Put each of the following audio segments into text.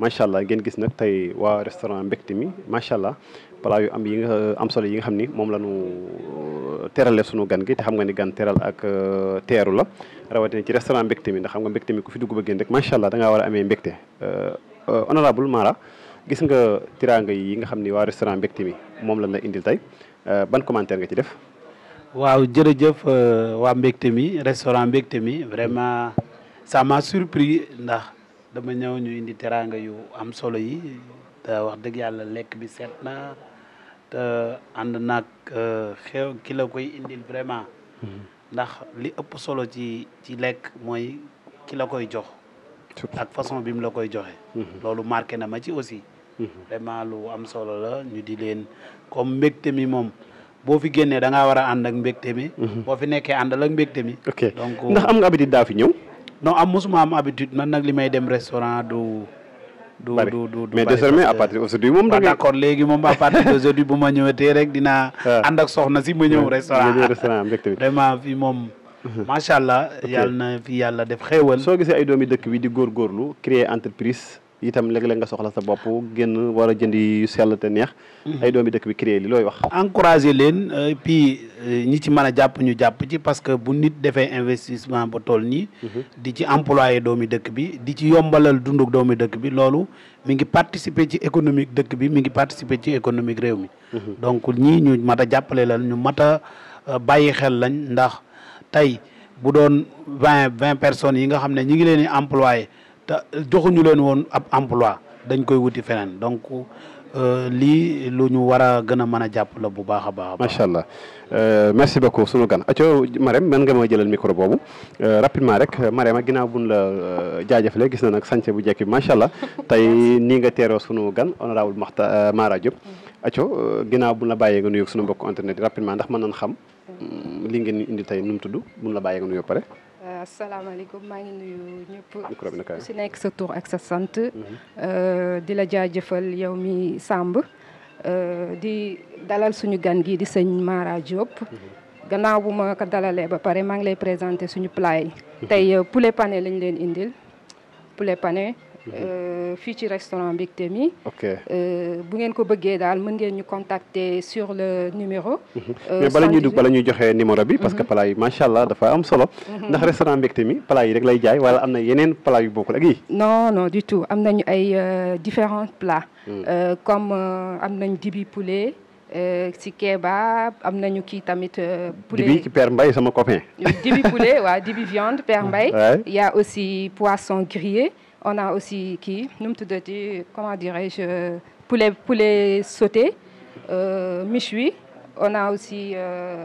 macha allah ngeen gis nag tey waa restaurant mbégte mi macha allah plat yu am yi nga am solo yi nga xam ni moom la ñu euh, terale sunu gan gi te xam nga ni gan teral ak euh, teeru la rawatina ci restaurant mbégte mi ndax xam nga mbégte mi ku fi dugg ba génn rek macha allah da ngaa a amee mbégte euh, honorable Mara gis nga tiraanga yi nga xam ni waa restaurant mbégte mi moom lañ la indil tey ban commentaire nga ci def. waaw jërëjëf waa mbégte mi restaurant mbégte mi vraiment ça m'a dama ñëw ñu indi teraanga yu am solo yi te wax dëgg yàlla lekk bi seet na te ànd naag euh, xew ki koy indil vraiment mhm. ndax li ëpp solo ci ci lekk mooy ki la koy jox ak façon bi mu la koy joxe mhm. loolu marqué na ma ci aussi mhm. vraiment lu am solo la ñu di leen comme mbégte mi moom boo fi génnee da ngaa war a ànd ak mbégte mi boo fi nekkee ànd ak mbégte mi donc ndax am nga habitude daa fi ñëw non am mosuma am habitude man nag li may dem restaurant du. du du du mais désormais à partir aujourd'hui moom. da d'accord léegi moom à partir d'aujourd'hui bu ma ñëwatee rek dinaa. Ah. ànd ak soxna si ma ñëw ah. restaurant restaurant vraiment fii moom. Uh-huh. macha allah yàlla na fi yàlla def xéewal. soo gisee ay doomi dëkk bi di góorgóorlu créer entreprise. itam léeg-léeg nga soxla sa bopp génn war a jënd yu sell te neex mhm. ay doomi dëkk bi créé li looy wax encouragé leen puis euh, ñi ci mën a jàpp ñu jàpp ci parce que bu nit defee investissement ba tool nii mhm. di ci employé doomi dëkk bi di ci yombalal dunduk doomi dëkk bi loolu mi ngi participer ci économique dëkk bi mi ngi participer ci économique réew mi mhm. donc ñi ñu mat a jàppale lan ñu mata euh, bàyyi xel lañ ndax tey bu doon vingt vingt personnes yi nga xam ne ñi ngi leen di te joxuñu leen woon ab emploi dañ koy wuti feneen donc euh, lii lu ñu war a gën a mën a jàpp la bu baax a baax. macha allah euh, merci beaucoup sunu gan aco Marème man nga ma jëlal micro boobu euh, rapidement rek Marème a ginnaaw la jaajëfalee gis na nag sànce bu jekk bi macha allah tey nii nga teeroo sunu gan honorable Makhtar Mara Diop. Mm-hmm. aco ginnaaw buñ la bàyyee nga nuyoog sunu mbokku internet yi rapidement ndax mën nañ xam. Mm-hmm. Mm, li ngeen indi tey nu mu tudd buñ la bàyyee nga nuyoo pare. asalaamaaleykum maa ngi nuyu ñëpp ku si nekk sa tur ak sa sant mhm. euh, di la jaajëfal yow mi Samb euh, di dalal suñu gan gi di sëñ Mara Diop mhm. gannaaw bu ma ko dalalee ba pare maa ngi lay présenté suñu plat yi mhm. tey euh, poulet pané lañ leen indil poulet pane Mhm. Euh, future restaurant big. ok euh, bu ngeen ko bëggee contacter sur le numéro. Mhm. Euh, mais parlons-nous ñuy dugg bala ñuy numéro parce que mhm. plat solo. restaurant Bictemi yi rek lay non non du tout am y différents plats. comme poulet. si kebab tamit. poulet dibi ci Père Mbaye sama copain. dibi poulet dibi viande il y a aussi poisson grillé. On a aussi qui, nous dit, comment dirais-je, poulet, poulet sauter, euh, michui. On a aussi euh,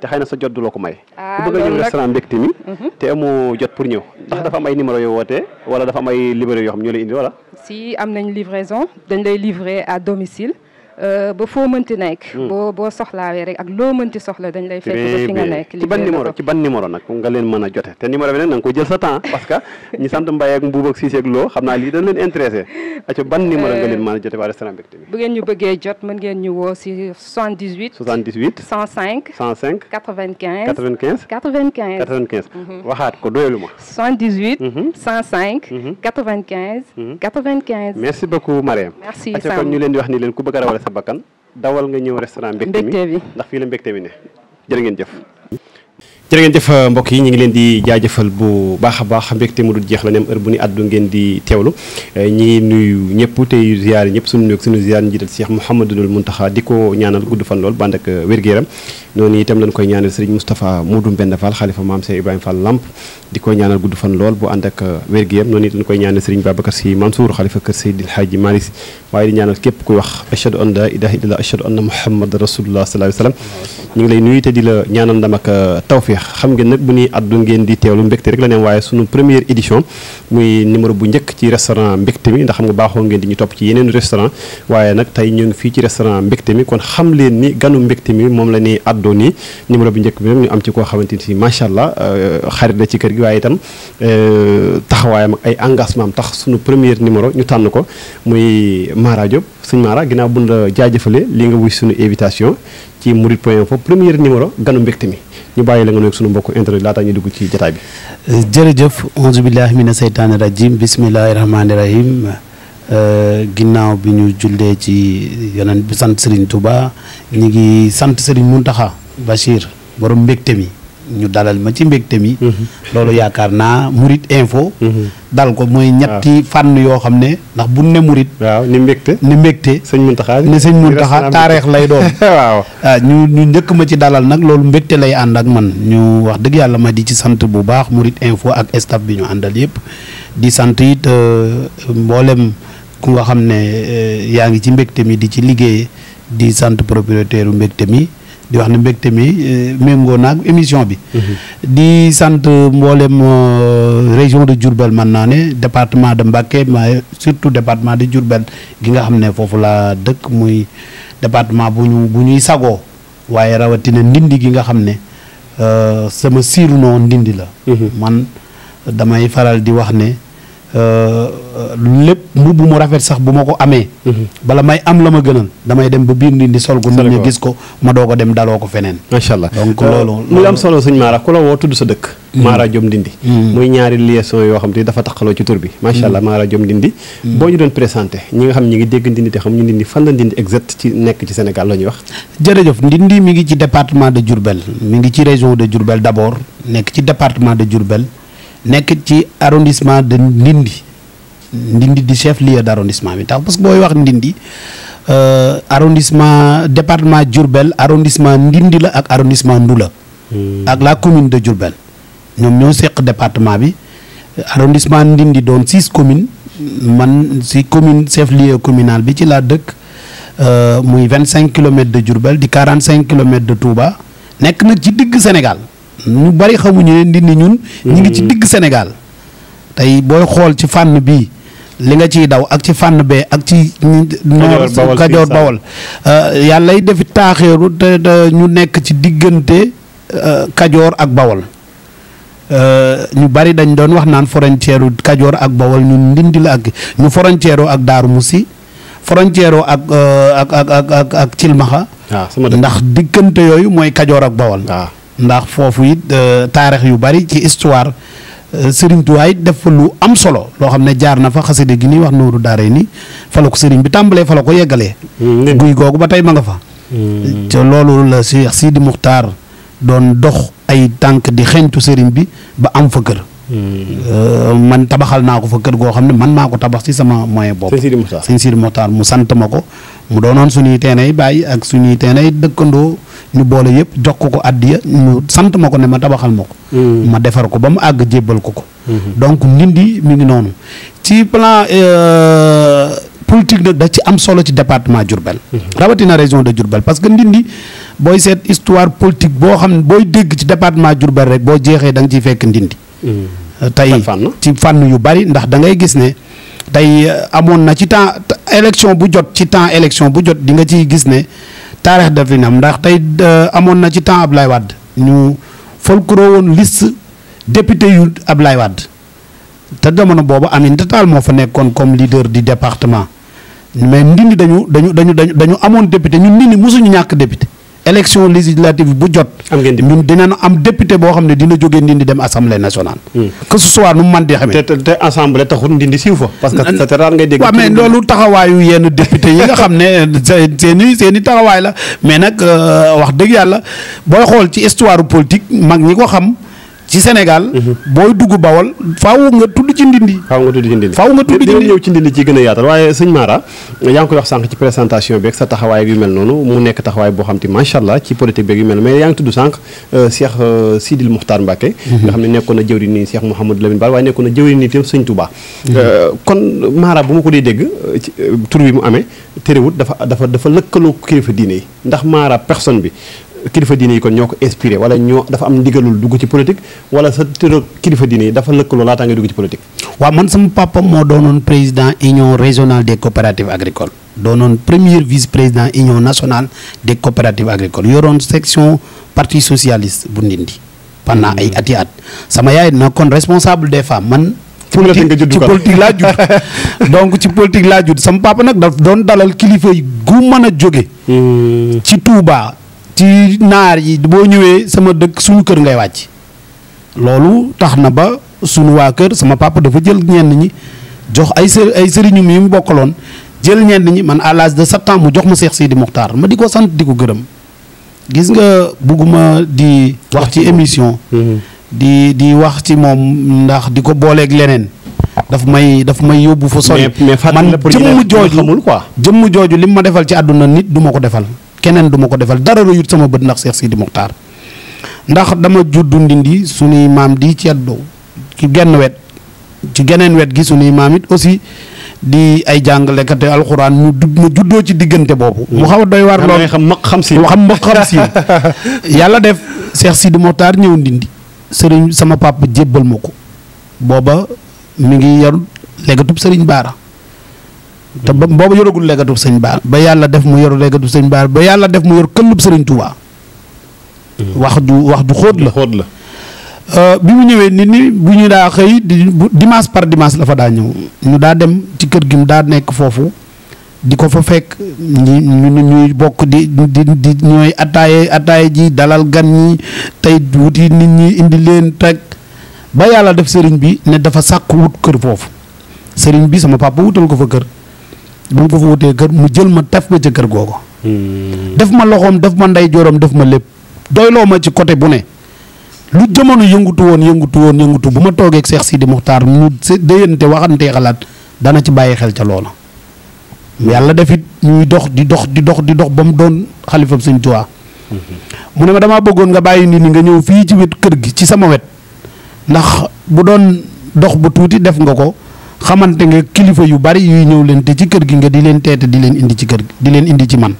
te xëy sa jot du la may. ah, bëgg ñu restaurant mbégte mi. Mhm. te amoo jot pour ñëw ndax dafa am ay numéro yo woté wala dafa am ay livreur yo xam ñoo lay indi wala. si am nañ livraison dañ lay livrer à domicile. Euh, ba foo mënti nekk. Hmm. boo boo soxlaawee rek ak loo mënti soxla dañ lay fekk ba fi nga nekk. ci ban numéro ci ban numéro nag nga leen mën a jote te numéro bi nag ko jël sa temps parce que ñi sant Mbaye ak Mbuub ak Cissé ak Lo xam naa lii dañ leen intéressé. aco ban numéro nga leen euh, mën a jote waa restaurant Mbégte bi. bu ngeen ñu bëggee jot mën ngeen ñu woo si 78. 78 105. 105 95. 95 95. 95 waxaat ko doyelu ma. 78. 105. 95. 95. merci beaucoup Mariam. merci bakkan dawal nga ñëw restaurant mbégte mi ndax fii la mbégte mi ne jërë ngeen jëf jërë ngeen jëf euh, mbokk yi ñu ngi leen di jaajëfal bu baax a baax mbégte mu dul jeex la neem heure bu ni addu ngeen di teewlu euh, ñi ngi nuyu ñëpp tey ziyaar ñëpp suñu nuyu suñu ziyaar njiital Cheikh Mouhamadul Mountakha di ko ñaanal gudd fan lool bànd ak euh, wér-gu-yaram noonu itam lañ koy ñaanal Serigne Moustapha ko ñaanal gudd fan lool bu ànd ak waaye di ñaanal képp kuy wax ashhadu an la ilaha illallah ashhadu anna muhammadan rasulullah sallallahu alayhi di ñaanal ndam ak xam ngeen nag bu ñuy addu ngeen di teewlu mbégte rek la neen waaye sunu première édition muy numéro bu njëkk ci restaurant mbégte mi ndax xam nga baaxoo ngeen di ñu topp ci yeneen restaurant waaye nag tey ñu fii ci restaurant mbégte mi kon xam leen ni ganu mbégte mi moom la ñuy addoo nii numéro bu njëkk bi nag ñu am ci koo xamante ni si macha allah euh, xarit la ci kër gi waaye itam euh, taxawaayam ak ay engagement am tax sunu première numéro ñu tànn ko muy Mara Diop sëñ Mara ginnaaw bu jaajëfale li nga wuy sunu invitation ci murid point info premier numéro ganu mbégte mi ñu bàyyi la nga nuyu suñu mbokku internet laataa ñu dugg ci jataay bi. jërëjëf auzu billahi mina seytaani rajim bismillahi rahmaani rahim euh, ginnaaw bi ñu jullee ci yonent sant Serigne Touba ñu ngi sant Serigne taxa Bachir borom mbégte mi. ñu dalal ma ci mbégte mi. Mhm. loolu yaakaar naa Murit info. Mhm. dal ko mooy ñetti fànn yoo xam ne ndax bu ne Murit. waaw ni mbégte ni mbégte. sëñ Muntaxa ne sëñ Muntaxa taareex lay doon. waaw ah, ñu njëkk ma ci dalal nag loolu mbégte lay ànd ak man ñu wax dëgg yàlla ma di ci sant bu baax Murit info ak staff bi ñu àndal yëpp di sant it euh, mboolem ku nga xam ne euh, yaa ngi ci mbégte mi di ci liggéey di sant propriétaire mbégte mi. di wax ne mbégte mi euh, méngoo naag émission bi. Mhm. di sant mboolem euh, région de Diourbel man naa ne département de Mbacké surtout département de Diourbel gi nga xam ne foofu laa dëkk muy département bu ñu bu ñuy sagoo waaye rawatina ndindi gi nga xam ne euh, sama siiru noo ndindi la. Mhm. man damay faral di wax ne. Euh, lépp mbubb mu rafet sax bu ma ko amee mhm. bala may am la ma gënal damay dem ba biir ndindi sol ko nit ñi gis ko ma doo a dem daloo ko feneen macha allah donc muy euh, am solo sëñ Mara ku la woo tudd sa dëkk mhm. Mara Diom Ndindi mhm. muy ñaari liaison yoo xam te dafa taqaloo ci tur bi macha allah Mara Diom Ndindi boo ñu doon présenté ñi nga xam ñi ngi dégg Ndindi te xam ñu Ndindi fan la Ndindi exact ci nekk ci Sénégal la ñuy wax jërëjëf Ndindi mi ngi ci département de Diourbel mi ngi ci région de Diourbel d'abord nekk ci département de Diourbel nek ci arrondissement de ndindi ndindi di chef lieu d'arrondissement bi tax parce que boy wax ndindi euh, arrondissement département Djourbel arrondissement ndindi la ak arrondissement Ndoula mm. ak la commune de Djourbel ñom ñoo seq département bi arrondissement ndindi don 6 communes man ci commune chef lieu communal bi ci la deuk euh, muy 25 km de Djourbel di 45 km de Touba nek nak ci digg Sénégal ñu bari xamuñu ne Ndindi ñun. ñu ngi ci mm. digg Sénégal. tey booy xool ci fànn bii li nga ciy daw ak ci fànn bee ak ci. Kajoor Bawol euh, yàlla lay defi ñu nekk ci diggante euh, Kajoor ak Bawol. Euh, ñu bari dañ doon wax naan frontière Kajoor ak Bawol ñu Ndindi la ak ñu frontière ak Daaru Musi frontière ak ak ak ak ak Cilmaxa. Ah, ndax diggante yooyu mooy Kajoor ak Bawol. Ah. ndax foofu it euh, taarix yu bari ci histoire euh, Serigne Touba def fa lu am solo loo xam ne jaar na fa xasida gi ni wax nooru daaree ni fa la ko sëriñ bi tàmbalee fa la ko yeggalee. Mm, guy googu ba tey ma nga fa. te mm. loolu la Cheikh Sidi Muxtaar doon dox ay tànk di xeeñtu sëriñ bi ba am fa kër. Mm. Euh, man tabaxal naa ko fa kër goo xam ne man maa ko tabax ci sama moyen bopp. sëñ Sidi Muxtaar Muxtaar mu sant ma ko mu doonoon suñuy teenay bàyyi ak suñuy teenay dëkkandoo. ñu boole yépp jox ko ko addiya ñu sant ma ko ne ma tabaxal ma ko hmm. ma defar ko ba mu àgg jébbal ko ko hmm. donc nindi mi ngi noonu ci plan euh, politique nag da ci am solo ci département Diourbel hmm. rawatina région de Diourbel parce que nindi booy seet histoire politique boo xam booy dégg ci département Diourbel rek boo jeexee da nga ciy fekk nindi. Euh, tey ci fànn yu bari ndax da ngay gis ne tey euh, amoon na ci temps élection bu jot ci temps élection bu jot di nga ciy gis ne taarix daf fi am ndax tey euh, amoon na ci temps Ablaye Wade ñu folklore woon liste député yu Ablaye Wade te jamono boobu Aminata Tall moo fa nekkoon comme leader du département mais ndindi dañu dañu dañu dañu amoon député ñun ndindi mosuñu ñàkk député. élection législative bu jot. am ngeen am député boo xam ne dina jógee Ndindi dem assemblée nationale. Hmm. que ce soit nu mu mën di xamee. te te assemblée taxul Ndindi siiw fa. parce que c'est rare ngay dégg. waaw mais loolu taxawaayu yenn député yi nga xam ne euh, seen i seen i taxawaay la mais nag euh, wax dëgg yàlla booy xool ci histoire politique mag ñi ko xam. ci Sénégal. Mhm. booy dugg Bawol faaw nga tudd ci Ndindi. faaw nga tudd ci Ndindi faaw nga tudd ci Ndindi ñëw ci Ndindi ci gën a yaatal waaye sëñ Mara yaa ngi koy wax sànq ci présentation beeg sa taxawaay yu mel noonu mu nekk taxawaay boo xam te macha allah ci politique beeg yu mel mais yaa ngi tudd sànq euh, Cheikh euh, Sidil Moukhtar Mbacké mhm. nga xam ne nekkoon na jëwri nii Cheikh Mouhamadou Lamine Bara waaye nekkoon na jëwri nii tam sëñ Touba mhm. euh, kon Mara bu ma ko dee dégg ci tur bi mu amee terewut dafa dafa dafa lëkkaloo kilifa diine yi ndax Mara personne bi kilifa diine yi kon ñoo ko inspiré wala ñoo dafa am ndigalul dugg ci politique wala sa tërë kilifa diine yi dafa lëkkaloo laataa ngay dugg ci politique. Hmm. laa judd donc ci politique laa judd sama papa nag daf doon dalal kilifa yi gu mën a jóge. Hmm. ci Touba. ci nar yi bo sama dëkk suñu kër ngay wacc loolu taxna ba suñu wa kër sama papa dafa jël ñenn ñi jox ay sër ay sëriñu mi mu bokkalon jël ñenn ñi man à l'âge de sept ans mu jox ma Cheikh Sidi mukhtar ma di sant di gis nga di wax ci émission mm-hmm. di di wax ci mom ndax di bolé ak lenen daf may daf may yóbbu fa sori man jëmm lim ma defal ci aduna nit duma ko defal kenen duma ko defal dara rëyut sama beut nak Cheikh Sidi mukhtar ndax dama juddu ndindi suni imam di ci addo ci genn wet ci genen wet gi suni imamit aussi di ay jàngalekate alxuraan mu mu juddo ci digeunte bobu mu xaw doy war lo xam mak xam si xam mak xam si yalla def Cheikh Sidi mukhtar ñew ndindi serigne sama papa jébbal ma boba mi ngi yar legatu serigne bara te bobu yorogul legatu legatub bal baar ba yalla def mu yoro legatu sëñ baar ba yalla def mu yor këllub sëriñ Touba. Hmm. wax du wax du xod la xod la. euh bimu ñewé nit ni bu ñu dimanche par dimanche la fa daa ñew ñu daa dem ci kër gi mu daa nek fofu di fa fek ñi ñu ñuy di di di ñoy attaaye attaaye ji dalal gan ñi tay wuti nit ñi indi leen tak ba yalla def serigne bi ne dafa sakku wut kër fofu serigne bi sama papa wutul ko fa kër bu ko fa wutee kër mu jël ma taf ma ca kër gogo hmm. def ma loxom def ma nday jooram def ma lepp doylo ma ci côté bu né lu jëmono yëngutu won yëngutu won yëngutu buma togué ak Cheikh Sidi mu deyenté waxanté xalat dana ci bayyi xel ci loolu yalla defit ñuy dox di dox di dox di dox bom don doon khalifa seigne Tuubaa hmm. mu ne ma dama bëggoon nga bayyi nit ni nga ñëw fi ci wet kër gi ci sama wet ndax bu doon dox bu tuuti def nga ko. xamante nga kilifa yu bari yuy ñëw leen te ci kër gi nga di leen teete di leen indi ci kër gi di leen indi ci man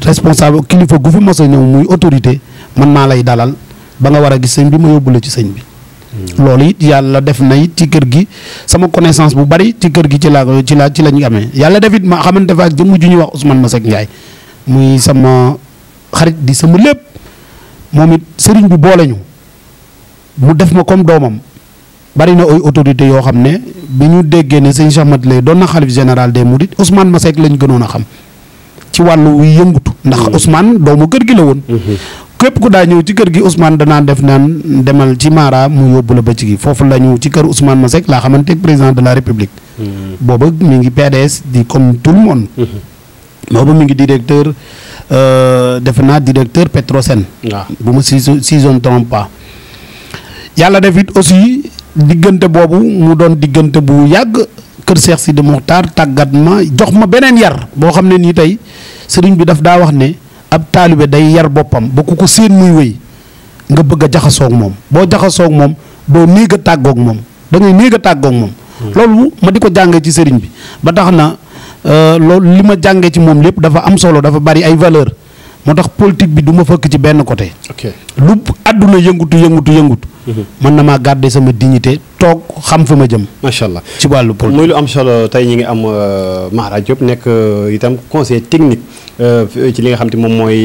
responsable kilifa gu fi mos a ñëw muy autorité man maa lay dalal ba nga war a gis sëñ bi ma yóbbu ci sëñ bi. Hmm. loolu it yàlla def na it ci kër gi sama connaissance bu bari ci kër gi ci laa ci la ci lañ amee yàlla def it ma xamante fa ak jëmm ju ñuy wax Ousmane Masseck Ndiaye muy sama xarit di sama lépp moom it sëriñ bi boole ñu mu def ma comme doomam. bari na ay autorités yoo xam ne bi ñu déggee ne sëñ Cheikh Mat Leye doon na xalif général de des Mourides Ousmane Masseck lañ gënoon a xam ci wàllu yëngutu ndax mm-hmm. doo mu kër gi la woon. Mm-hmm. képp ku daa ñëw ci kër gi Ousmane danaa def naan demal ci Mara mu yóbbu la ba ci gi foofu la ñu ci kër Ousmane Masseck laa xamante président de la République. Mm-hmm. booba mi ngi PDS di comme tout le monde. booba mi ngi directeur euh, defe naa directeur Petrosen. Ah. bu ma si si je yàlla def it aussi diggante boobu mu doon diggante bu yàgg kër Seex Sidi Muxtaar tàggat ma jox ma beneen yar boo xam ne nii tey sëriñ bi daf daa wax ne ab taalibe day yar boppam ba ku ko séen muy wéy nga bëgg a jaxasoog moom boo jaxasoog moom boo néeg tàggook moom da ngay a tàggoog moom hmm. loolu ma di ko jàngee ci sëriñ bi ba tax na euh, loolu li ma jàngee ci moom lépp dafa am solo dafa bari ay valeur moo tax politique bi duma ma fëkk ci benn côté. lu àdduna yëngutu yëngutu yëngutu. Mhm. mën na maa garder sama dignité toog xam fa ma jëm. macha allah ci wàllu politique muy lu am solo tey ñi ngi am euh, Mara Diop nekk euh, itam conseiller technique euh, ci li nga xam te moom mooy.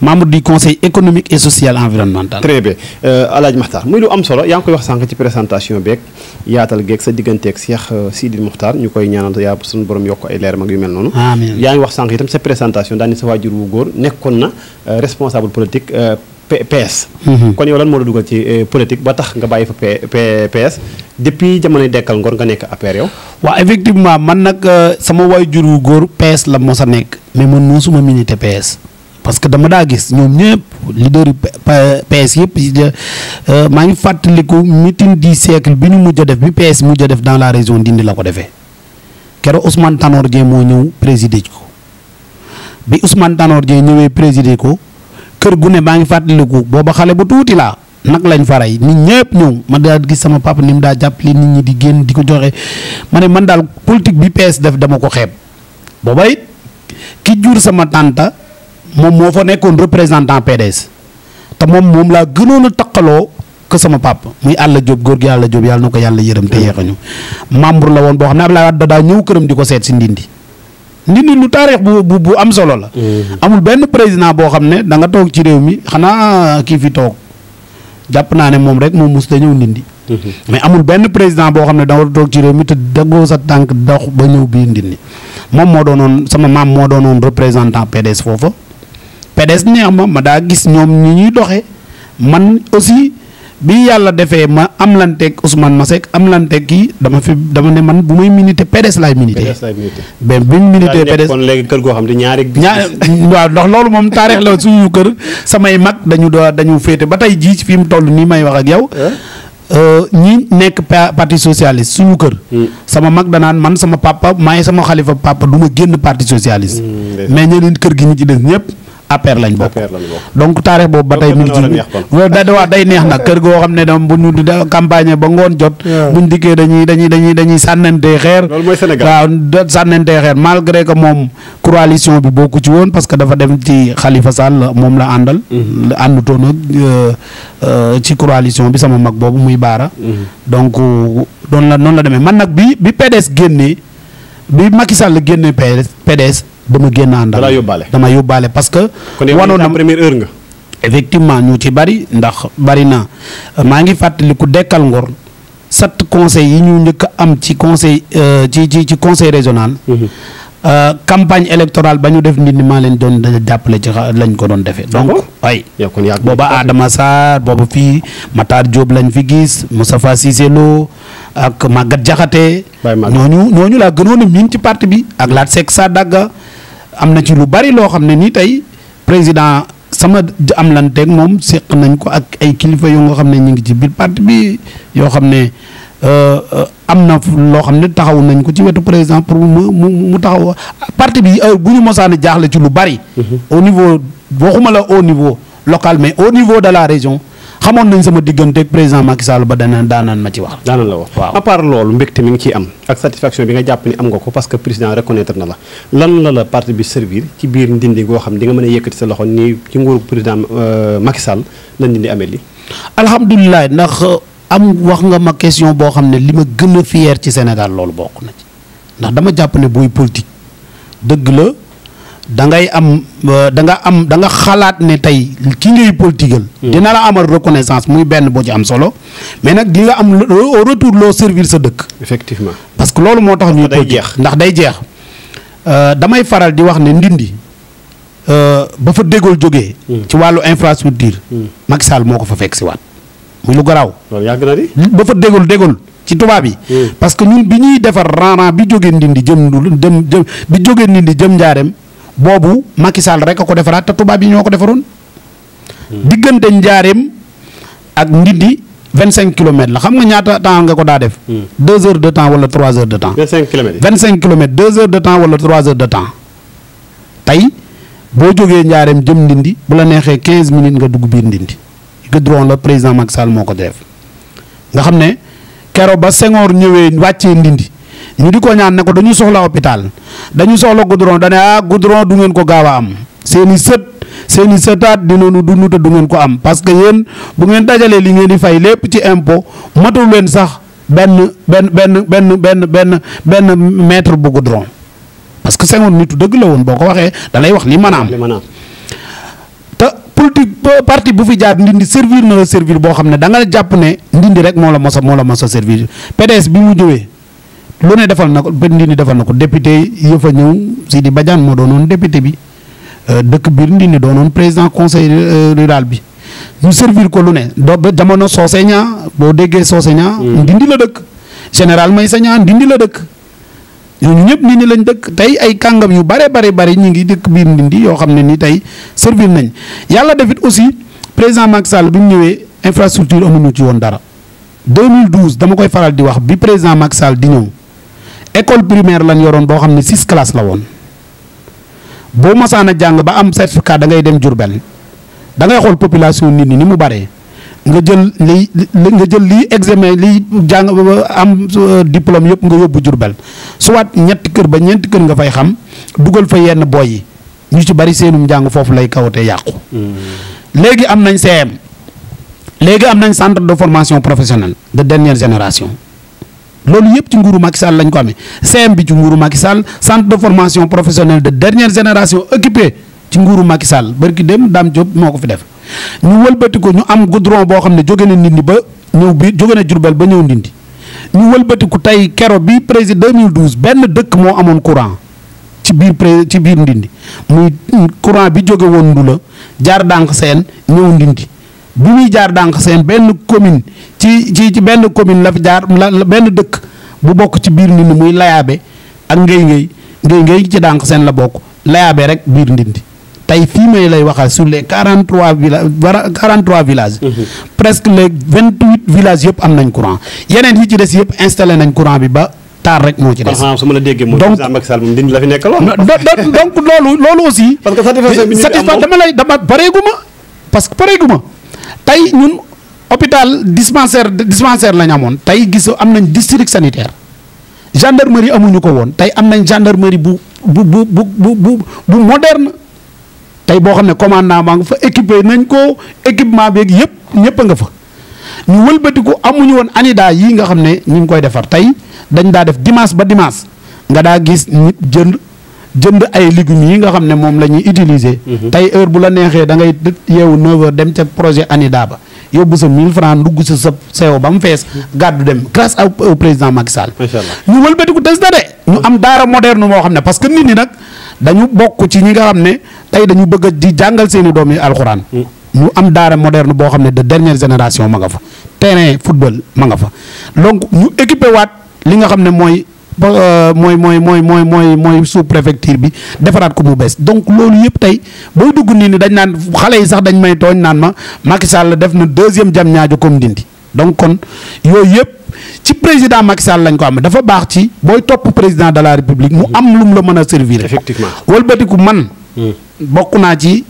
membre du conseil économique et social environnemental. très bien euh, Alaaji Maxtaar muy lu am solo yaa ngi koy wax sànq ci présentation beeg yaatal geek sa digganteeg Cheikh euh, Sidi Muxtaar ñu koy ñaanal yaa suñu borom yokk ay leer mag yu mel noonu. yaa ngi wax sànq itam sa présentation daal sa waajur wu góor nekkoon na euh, responsable politique. PS. Mhm. kon yow lan moo la dugal ci politique ba tax nga bàyyi fa PS depuis jamonoy dekkal ngor nga nekk APR yow. waaw effectivement man nag sama waajur wu góor PS la mos a nekk mais man mosuma milité PS. parce que dama da gis ñom ñepp leader PS euh ma ngi fatlikou meeting di siècle bi ñu def bi PS mujjé def dans la région dindi la ko defee Ousmane Tanor Dieng mo ñew présidé ko bi Ousmane Tanor Dieng ñewé présidé ko kër gu ne maa ngi fàttaliku booba xalé bu tuti la nak lañ faray nit ñepp ñew ma da gis sama papa nim da japp li nit ñi di génn diko joxé mané man dal politique bi PS def dama ko xép booba it ki jur sama tante mom mo fa nekkone representant PDS te mom mom la gënonu a ke sama papa muy Allah job gor gi Allah job Yalla na Yalla yàlla yërëm te yeexañu membre la won bo xam ne Abdoulaye da di ko ndindi ndindi lu bu bu bu am solo la. Mm. amul benn président bo xamne da nga tok ci rew mi xana ki fi tok japp ne rek mom ndindi. Mm-hmm. mais amul benn président bo xamne da nga tok ci rew mi te go sa tank dox ba ñew bi ndindi sama maam moo doonoon représentant PDS fofu pedes neex ma ma daa gis ñoom ñi ñuy doxee man aussi bi yàlla defee ma am lanteeg Ousmane Masek am lanteeg kii dama fi dama ne man bu may minité pedes laay minité. PDS laay minité mais bi mu minité pedes. kon léegi kër goo xam ne ñaari. ñaar waaw ndax loolu moom taarix la suñu kër samay mag dañu doon dañu féete ba tey jii fi mu toll nii may wax ak yow. Euh, ñi nekk parti socialiste suñu kër. Hmm. sama mag danaan man sama papa maay sama xalifa papa du ma génn parti socialiste. Hmm, mais ñeneen kër gi ñu ci des ñëpp affaire lañ bok donc tarikh boobu batay mi ngi ci da da day neex nak keur go xamne ne dam bu ñu campagne ba ngon jot ñu diké dañuy dañuy dañuy dañuy sanante xeer waaw sanante xeer malgré que mom coalition bi bokku ci won parce que dafa dem ci Khalifa Sall mom la andu mm-hmm. àndutoon ak euh, euh, ci coalition bi sama mag bobu muy bara mm-hmm. donc don la non la man nak bi bi PDS génnee bi Macky Sall génnee PDS dama génn àndal dama yóbbaale dama yóbbaale parce que. wanoon na première heure nga. effectivement ñu ci bari ndax bari na maa ngi ku dekkal ngor sat conseil yi ñu njëkk am ci conseil euh, ci ci ci conseil régional. Mhm. Euh, campagne électorale ba ñu def nit maa leen doon jàppale ci lañ ko doon defee. donc ay booba Adama Sarr booba fii Matar Diop lañ fi gis Moustapha Cissé Lo ak Maguette Diakhaté. ñooñu ñooñu laa gënoon a miin ci parti bi ak Laat Seck Sadaga. am na ci lu bari loo xam ne nii tey président sama am lanteeg moom séq nañ ko ak ay kilifa yu nga xam ne ñu ngi ci biir parti bi yoo xam ne euh, euh, am na loo xam ne taxaw nañ ko ci wetu par exemple mu mu mu taxaw parti bi euh, bu ñu mosaane jaaxle ci lu bari. Mm-hmm. au niveau waxuma la au niveau local mais au niveau de la région xamoon nañ sama diggante ak président Macky Sall ba danaan daanaan ma ci wax. daanaan la wax waaw part loolu mbégte mi ngi ciy am ak satisfaction bi nga jàpp ni am nga ko parce que président reconnaître na la lan la la parti bi servir ci biir ndindi goo xam di nga mën a yëkkati sa loxo nii ci nguuru président euh, Macky Sall ndindi amee li ndax euh, am wax nga ma question boo xam ne li ma gën a fier ci Sénégal loolu bokk na ci ndax dama jàpp ne booy politique dëgg la. dangay am da nga am da nga xalaat ne tay ki ngay politigal hmm. dina la amal reconnaissance muy ben bo ci am solo mais nak di nga am au retour lo servir sa deuk effectivement parce que lolu motax ñu ñuy day jeex ndax day jeex euh, damay faral di wax ne ndindi euh, ba fa déggol joggé hmm. ci walu infrastructure hmm. Macky Sall moo fa fek ci wat muy lu garaaw yag na di ba fa déggol déggol ci tubaab bi parce que ñun biñuy défar rara bi joggé ndindi jëm dem bi joggé ndindi jëm boobu Macky Sall rek a ko defaraat te tubaab yi ñoo ko defaroon. diggante njaareem ak ndindi vingt cinq kilomètres la xam nga ñaata temps nga ko daa def. Hmm. deux heures de temps wala trois heures de temps. vingt cinq kilomètres vingt cinq kilomètres deux heures de temps wala trois heures tey boo jógee njaareem jëm ndindi bu la neexee quinze minutes nga dugg biir ndindi goudron la président Macky Sall moo ko def nga xam ne keroog ba Senghor ñëwee wàccee ndindi ñu di ko ñaan ne ko dañu soxla hôpital. dañu solo goudron dañe ah goudron du ngeen ko gawa am seeni seut seeni sëtaat dinañu dund te du ngeen ko am parce que yeen bu ngeen dajale li ngeen di fay lepp ci impôt matul len sax ben ben ben ben ben ben ben mètre bu goudron parce que sangon nitu deug la won boko waxe da lay wax ni manam ta politique parti bu fi jaar ndindi servir na servir bo xamne da nga japp ne ndindi rek mo la mossa mo la mossa servir PDS bi mu jowe lu ne defal na ko Ndindi defal na ko député yëf a ñëw di Badiane moo doonoon député bi euh, dëkk biir Ndindi doonoon président conseil euh, rural bi ñu servir ko lu ne do ba jamono Socéña boo déggee Socéña. Mm. Ndindi la dëkk général may saña Ndindi la dëkk. ñooñu ñëpp Ndindi lañ dëkk tey ay kàngam yu bare bare bari ñu ngi dëkk biir Ndindi yoo xam ne ni tey servir nañ yàlla defit aussi président Macky bi mu ñëwee infrastructure amuñu ci woon dara 2012 dama koy faral di wax bi président Macky di ñëw. école primaire lañ yoroon boo xam ne six classes la woon boo masaan jàng ba am certificat da ngay dem Jurbel dangay xool population nit ñi ni mu bëree nga jël li nga jël liy examen liy jàng am euh, diplôme yëpp nga yóbbu Jurbel soit ñetti kër ba ñeenti kër nga fay xam dugal fa yenn boy yi ñu ci bari seenum jàng foofu lay kawate yàqu. Mm. léegi am nañ CM léegi am nañ centre de formation professionnelle de dernière génération. loolu yëpp ci nguuru Macky Sall lañ ko amee CEM bi ci nguuru Macky Sall centre de formation professionnelle de dernière génération occupé ci nguuru Macky Sall barki dem daam Diop moo ko fi def ñu wëlbati ko ñu am goudron boo xam ne jóge na Ndindi ba ñëw bi jóge na Diourbel ba ñëw Ndindi ñu ku tey kero bi président 2012 benn dëkk moo amoon courant ci biir pré ci biir Ndindi muy courant bi jóge woon Ndula jaar dànq seen ñëw Ndindi bi muy jaar dànq seen benn commune ci ci ci benn commune la fi jaar la benn dëkk bu bokk ci biir ndindi muy layaabe ak ngay ngay ngay ngay ci dànq seen la bokk layaabe rek biir ndindi tey fii may lay waxal sur les quarante trois villages quarante trois villages. presque les vingt huit villages yëpp am nañ courant yeneen yi ci des yëpp installé nañ courant bi ba. taar rek moo ci des. su ma nekk lool. donc loolu loolu aussi. parce que satisfaction bi dama lay dama pareegu ma parce que pareegu tay ñun hôpital dispensaire dispensaire lañ amone tay gis am nañ district sanitaire gendarmerie amuñu ko won. tay am nañ gendarmerie bu bu bu bu bu bu bu moderne tay bo xamné ne commandant ma nga fa équiper nañ ko équipement beeg yépp ñépp nga fa ñu wëlbatiku amuñu won anida yi nga xamné ne koy défar tay dañ da def dimanche ba dimanche nga da gis nit jënd jënd ay légumes yi nga xam ne moom la ñuy utiliser. Mhm. tey heure bu la neexee da ngay yeewu 9h dem ca projet ANIDA ba yóbbu sa 1000 francs ndugg sa sa sew ba mu fees mhm. gàddu dem grâce au président Macky Sall. ñu wëlbatiku des de. ñu am daara moderne moo xam ne parce que nit ñi nag dañu bokk ci ñi nga xam ne tey dañu bëgg di jàngal seeni doom yi alxuraan. Mm. ñu am daara moderne boo xam ne de dernière génération ma nga fa terrain football ma nga fa donc ñu équipé li nga xam ne mooy. Euh, moy moy moy moy moy moy sous préfecture bi défarat ko bu bees donc lolu yëpp tay boy dugg ni dañ naan xalé yi sax dañ may togn naan ma Macky Sall def na deuxième jam ñaajo comme dindi donc kon yooyu yëpp ci président Macky Sall lañ ko am dafa bax ci boy top président de la république mu am lu mu la mën servir effectivement wëlbatiku man hmm. bokk naa ci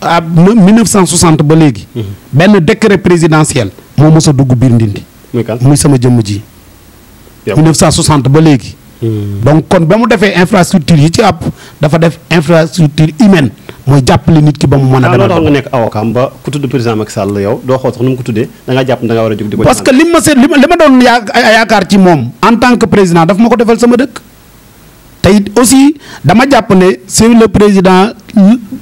à 1960 ba léegi ben décret présidentiel mo mos a dugg biir dindi muy sama jëmm ji 1960 ba léegi. Hmm. donc kon ba mu defee infrastructure yi ci àpp dafa def infrastructure humaine mooy jàppale nit ki ba mu mën a. Ah, demal nga nekk avocat ba ku tudd président Macky Sall yow doo xool tuddee da ngaa a jóg di ko. parce que li ma seet li ma doon yaakaar ci moom en tant que président daf ma ko defal sama dëkk. tey aussi dama jàpp ne c'est président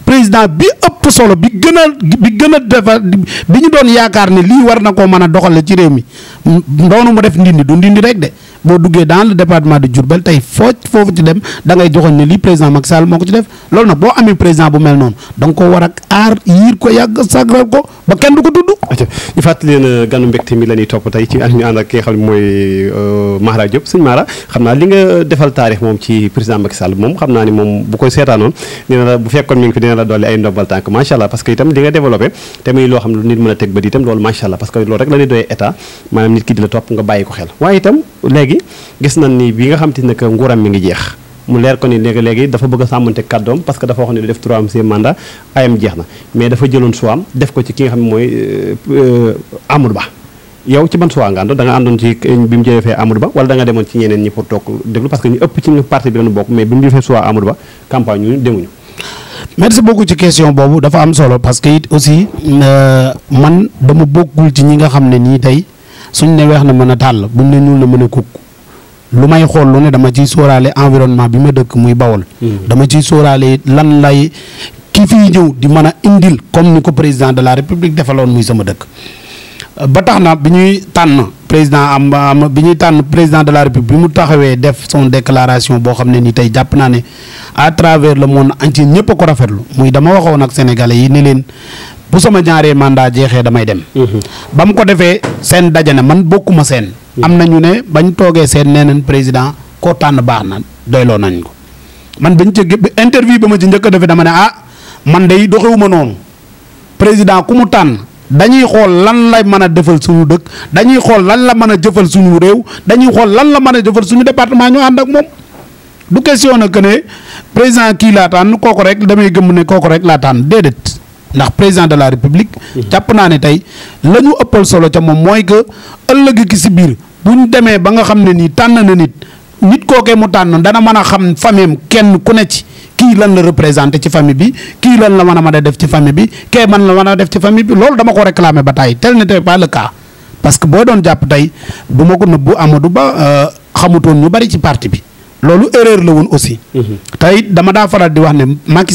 président bi ëpp solo bi gën a bi gën a defar bi ñu doon yaakaar ne lii war na koo mën a doxale ci réew mi ndoonu mu def ndindi du ndindi rek de. boo duggee dans le département de Diourbel tey foo foofu ci dem da ngay joxoon ne président Macky moo ko ci def loolu nag boo amee président bu mel noonu da nga ko war ak aar yiir ko yàgg sagral ko ba kenn euh, la ñuy topp tey ci ak ñu ànd ak mooy euh, Mara Diop sëñ Mara xam naa li nga euh, defal taarix moom ci président Macky moom bu koy seetaanoon dina la bu fekkoon mi ngi fi dina la dolli nit mën a teg ba di itam loolu macha allah parce que loolu rek la ñuy doyee état maanaam nit ki di la topp nga bàyyi ko xel waaye legi gis nañ ni bi nga xam te ne que nguuram mi ngi jeex mu leer ko ni legi legi dafa bëgg a kaddom parce que dafa wax ne du def troisième mandat ayam jeexna mais dafa jëloon soam def ko ci ki nga xam moy mooy euh, Amadou Ba yow ci ban soa nga àndoon da nga andon ci bimu mu jëfee Amadou Ba wala da nga demone ci ñeneen ñi pour toog déglu parce que ñu ëpp ci ñu parti bi lañu bok mais bimu mu jëfee soa Amadou Ba campagne ñu demuñu merci beaucoup ci question boobu dafa am solo parce que it aussi euh, man dama bokkul ci ñi nga xam ne nii tey suñ ne weex na mën a tàll buñ ne ñuul na mën a kukk lu may xool lu ne dama ci sóoraale environnement bi ma dëkk muy bawol hmm. dama ci sóoraale lan lay ki fii ñëw di mën a indil comme ni ko président de la république defaloon muy sama dëkk ba tax na bi ñuy tànn président am am bi ñuy tànn président de la république bi mu taxawee def son déclaration boo xam ne ni tey jàpp naa ne à travers le monde entier ñëpp a ko rafetlu muy dama waxoon ak sénégalais yi ne leen bu sama ñaaree mandat jeexee damay dem. Mhm. ba mu ko defee seen daje na man bokkuma seen. Mhm. am na ñu ne bañ toogee seen neneen président koo tànn baax na doyloo nañ ko man bañ ca interview ba ma ci njëkka a defee dama ne ah man day doxewuma noonu président ku mu tànn dañuy xool lan la mën a defal suñu dëkk dañuy xool lan la mën a jëfal suñu réew dañuy xool lan la mën a jëfal suñu département ñu ànd ak moom. du question nag que ne président kii laa tànn kooku rek damay gëm ne kooku rek laa tànn déedéet. ndax président de la république. jàpp naa ne tey la ñu ëppal solo ca moom mooy que ëllëg ki si biir bu ñu demee ba nga xam ne nii tànn na nit nit kookee mu tànn dana mën a xam famille kenn ku ne ci kii lan la représenter ci famille bi kii lan la mën a mën a def ci famille bi kee mën la mën a def ci famille bi loolu dama ko réclamer ba tey tel n'était pas le cas parce que boo doon jàpp tey bu ma ko nëbbu Amadou Ba euh, xamutoon ñu bari ci parti bi. loolu erreur la woon aussi. Mm-hmm. tey dama daa faral di wax ne Macky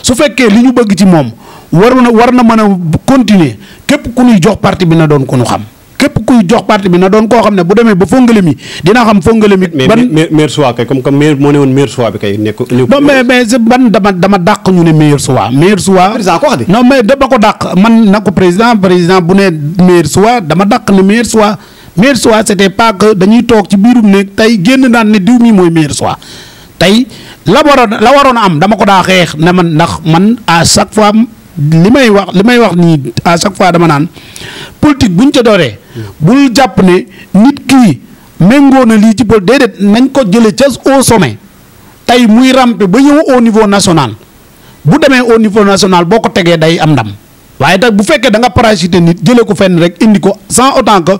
su fekkee li bëgg ci moom. waru na war na mën a continuer képp ku ñuy jox parti bi na doon ku ñu xam képp kuy jox parti bi na doon koo xam ne bu demee ba fongale mi dina xam fongale mi. ban mais meilleur choix kay comme comme meilleur moo ne woon meilleur choix bi kay nekk. non mais mais ban dama dama dàq ñu ne meilleur choix. meilleur choix ko wax man na ko président président bu ne meilleur choix dama dàq ne meilleur choix meilleur choix c'était pas que dañuy toog ci biirum ne tey génn naan ne diw mii mooy meilleur choix. tey la waroon la waroon a am dama ko daa xeex ne man ndax man à chaque fois li may wax li may wax nii à chaque fois dama naan politique buñ ca dooree. bul jàpp ne nit kii méngoo na lii ci pol déedéet nañ ko jëlee ca au sommet tey muy rampe ba ñëw au niveau national bu demee au niveau national boo ko tegee day am ndam. waye tak bu fekke da nga parasiter nit jëlee ko fenn rek indi ko sans autant que